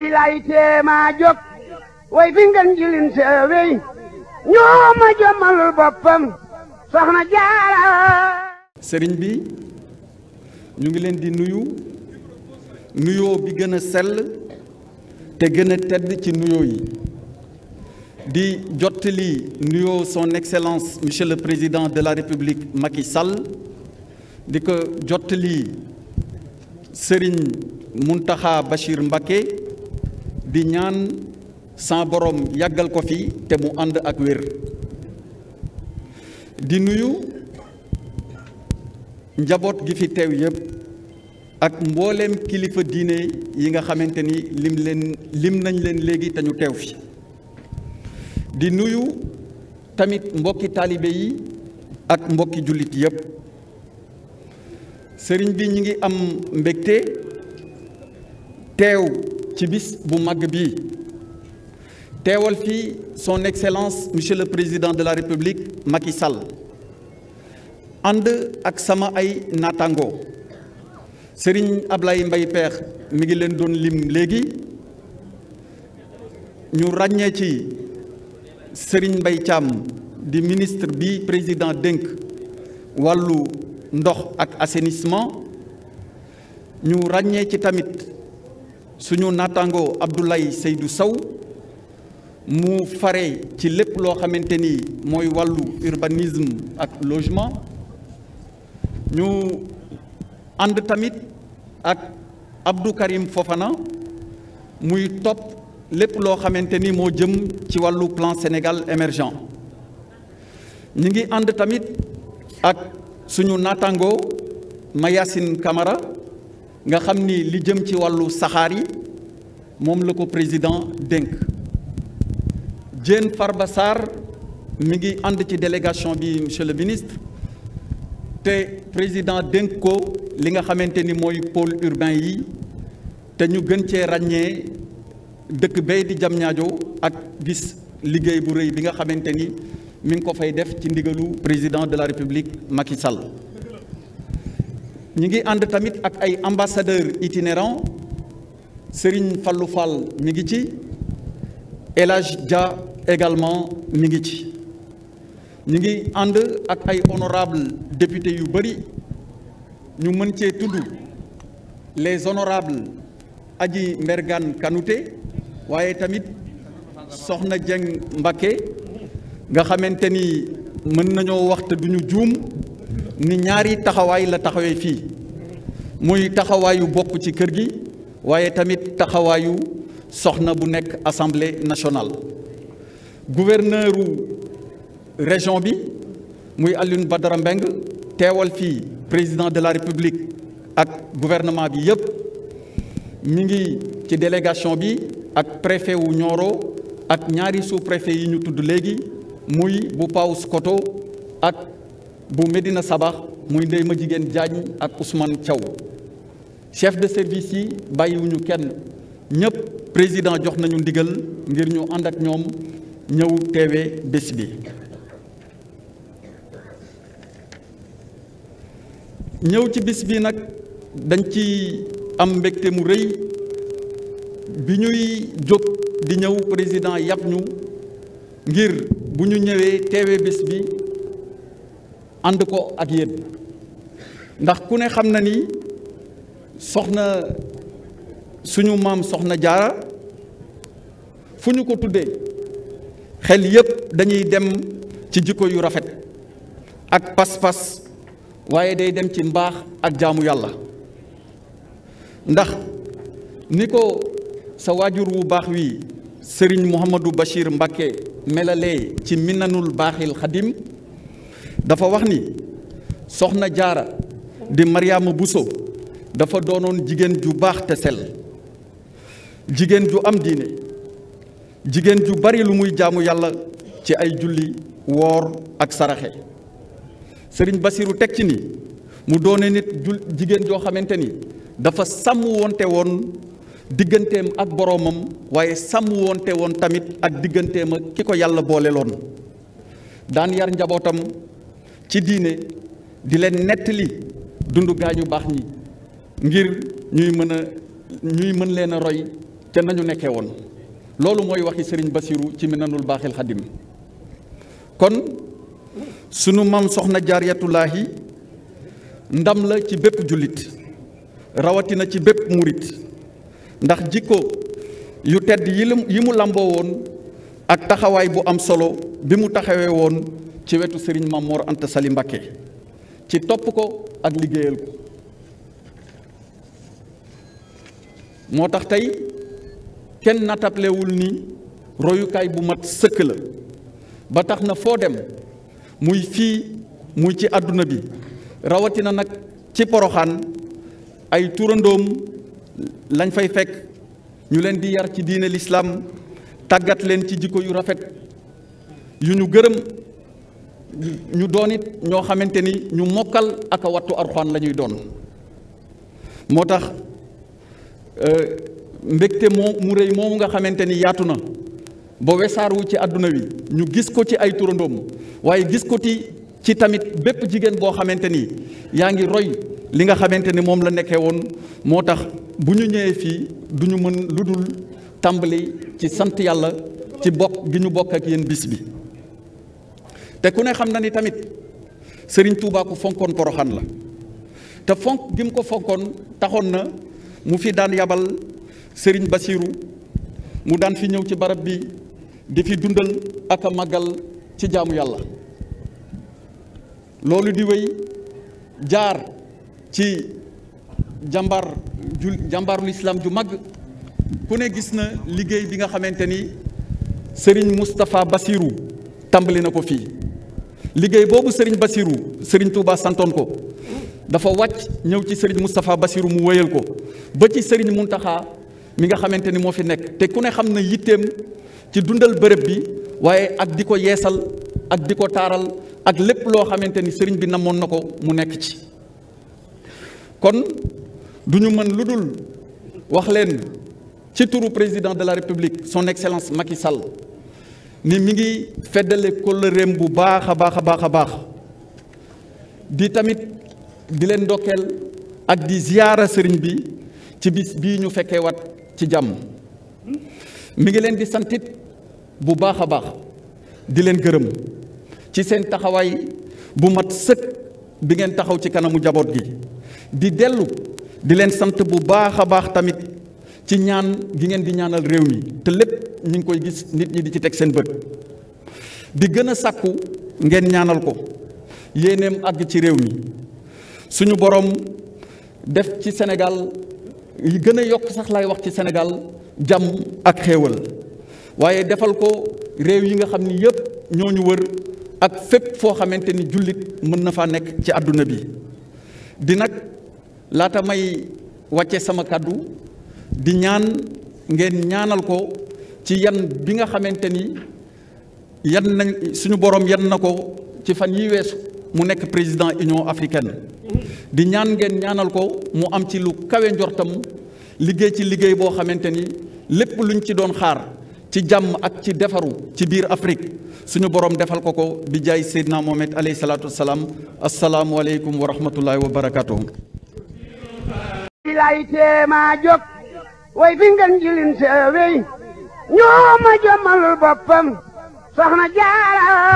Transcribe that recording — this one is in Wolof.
lay teema jóg sëriñ bi ñu ngi leen di nuyu nuyoo bi gën a sell te gën a ci nuyoo yi di jottali nuyoo son excellence monsieur le président de la république Macky Sall di ko jottali sëriñ Muntaxa Bachir Mbacké bi ñaan sa borom yàggal ko fi te mu ànd ak wér di nuyu njaboot gi fi teew yépp ak mboolem kilifa diine yi nga xamante ni lim leen lim nañ leen léegi te ñu teew fi di nuyu tamit mbokki taalibe yi ak mbokki jullit yépp sëriñ bi ñu ngi am mbégte teew ci bis bu màgg bii teewal fii son excellence monsieur le président de la république i sal ànd ak sama ay naataango Serigne Ablaye Mbaye Peex mi ngi leen doon lim léegi ñu ràññee ci sëriñ mbay Thiam di ministre bi président dénk wàllu ndox ak assainissement ñu ràññee ci tamit suñu naataango Abdoulaye Seydou Sow mu fare ci lépp loo xamante ni mooy wàllu urbanisme ak logement ñu ànd tamit ak Abdou Karim Fofana muy topp lépp loo xamante ni moo jëm ci wàllu plan Sénégal émergent ñu ngi ànd tamit ak suñu naataango Mayacine kamara nga xam ni li jëm ci wàllu saxaar yi moom la ko président dénk Diène Farba Sarr mi ngi ànd ci délégation bi monsieur le ministre te président dénk ko li nga xamante ni mooy pôle urbain yi te ñu gën cee ràññee dëkk bay di jam ñaajo ak gis liggéey bu rëy bi nga xamante ni mi ngi ko fay def ci ndigalu président de la république Macky Sall. ñi ngi ànd tamit ak ay ambassadeurs itinérants Serigne Fallou Fall mi ngi ci El Hadj Dia également mi ngi ci ñi ngi ànd ak ay honorables députés yu bëri ñu mën cee tudd les honorables Adji Mbergane Kanouté waaye tamit Soxna Dieng Mbacké nga xamante ni mën nañoo waxte te duñu juum ni ñaari taxawaay la taxawee fii muy taxawaayu bokk ci kër gi waaye tamit taxawaayu soxna bu nekk assemblée nationale gouverneur région bi muy ba dara Mbengue teewal fii président de la république ak gouvernement bi yëpp mi ngi ci délégation bi ak préfet wu Nioro ak ñaari sous préfet yi ñu tudd léegi muy bu paw Paoskoto ak bu Medina Sabax muy ndey ma jigéen Diagne ak Ousmane Thiaw chef de service yi bàyyiwuñu kenn ñëpp président jox nañu ndigal ngir ñu ànd ak ñoom ñëw teewee bés bi ñëw ci bis bi nag dañ ci am mbégte mu rëy bi ñuy jóg di ñëw président yàpp ñu ngir bu ñu ñëwee teewee bis bi ànd ko ak yéen ndax ku ne xam na ni soxna suñu maam soxna jaara fu ñu ko tuddee xel yépp dañuy dem ci jikko yu rafet ak pas-pas waaye day dem ci mbaax ak jaamu yàlla ndax ni ko sa waajur wu baax wi sëriñ Mouhamadou Bachir Mbacké melalee ci minanul baaxil xadim dafa wax ni soxna jaara di Mariama Bousso dafa doonoon jigéen ju baax te sel jigéen ju am diine jigéen ju bari lu muy jaamu yàlla ci ay julli woor ak saraxe sëriñ Basiru teg ci ni mu doone nit jigéen joo xamante ni dafa sàmm wonte woon digganteem ak boroomam waaye sàmm wonte woon tamit ak digganteem ak ki ko yàlla booleloon daan yar njabootam ci diine di leen nettali dund gaa baax ñi ngir ñuy mën a ñuy mën leen a roy te nañu nekkee woon loolu mooy waxi sëriñ Basiru ci Minanul Baaxil Xadim kon sunu maam soxna jaariyatullaahi ndam la ci bépp jullit rawatina ci bépp murit ndax jikko yu tedd yi mu làmboo woon ak taxawaay bu am solo bi mu taxawee woon ci wetu Serigne Mamor Anta Sali Mbacké ci topp ko ak liggéeyal ko moo tax tey kenn natablewul ni royukaay bu mat sëkk la ba tax na foo dem muy fii muy ci àdduna bi rawatina nag ci poroxaan ay turandoom lañ fay fekk ñu leen di yar ci diine lislaam tàggat leen ci jikko yu rafet yu ñu gërëm ñu doon ñoo xamante ni ñu mokkal ak a wattu arxaan doon moo tax euh, mbégte moo mu rëy moomu nga xamante ni yaatu na ba wesaaru ci àdduna wi ñu gis ko ci ay turandoom waaye gis ko ci ci tamit bépp jigéen boo xamante ni yaa ngi roy li nga xamante ni moom la nekkee woon moo tax bu ñu ñëwee fii du ñu mën lu dul tàmbali ci sant yàlla ci bokk gi ñu bokk ak yéen bis bi te ku ne xam na ni tamit sëriñ Touba fonkoon poroxaan la te fonk gi mu ko fonkoon taxoon na mu fi daan yabal sëriñ Basiiru mu daan fi ñëw ci barab bi di fi dundal ak a ci jaamu yàlla loolu di wéy jaar ci jàmbaar ju islaam ju mag ku ne gis na liggéey bi nga xamante ni sëriñ Moustapha Basiiru tàmbali na ko fii liggéey boobu Serigne Bassirou Serigne Touba santoon ko dafa wàcc ñëw ci Serigne Moustapha Bassirou mu wéyal ko ba ci Serigne Mountakha mi nga xamante ni moo fi nekk te ku ne xam na yitteem ci dundal bërëb bi waaye ak di ko yeesal ak di ko taaral ak lépp loo xamante ni Serigne bi namoon na ko mu nekk ci kon du ñu mën lu dul wax leen ci turu président de la république son excellence Macky Sall. ni mi ngi feddalee kóllëreem bu baax a baax a baax a baax di tamit di leen ndokkeel ak di ziyaara sëriñ bi ci bis bii ñu fekkee wat ci jàmm mi ngi leen di santit bu baax a baax di leen gërëm ci seen taxawaay bu mat sëkk bi ngeen taxaw ci kanamu jaboot gi di dellu di leen sant bu baax a baax tamit ci ñaan gi ngeen di ñaanal réew mi te lépp ñu ngi koy gis nit ñi di ci teg seen bët di gën a sàkku ngeen ñaanal ko yéeneem àgg ci réew mi suñu boroom def ci senegal yi gën a yokk sax lay wax ci senegal jàmm ak xéewal waaye defal ko réew yi nga xam ni yépp ñoo ñu wër ak fépp foo xamante ni jullit mën na faa nekk ci àdduna bi di nag laata may wàcce sama kàddu di ñaan ngeen ñaanal ko ci yan bi nga xamante ni yan nañ suñu borom yan na ko ci fan yi weesu mu nekk président Union africaine di ñaan ngeen ñaanal ko mu am ci lu kawe njortam liggéey ci liggéey boo xamante ni lépp luñ ci doon xaar ci jàmm ak ci defaru ci biir Afrique suñu borom defal ko ko bi jaay Seydina Mohamed alayhi salaatu wa salaam asalaamualeykum wa rahmatullahi wa barakaatuhu. lay way fi ngeen jilin seewey a ñoo ma jëmmalul boppam soxna Jaara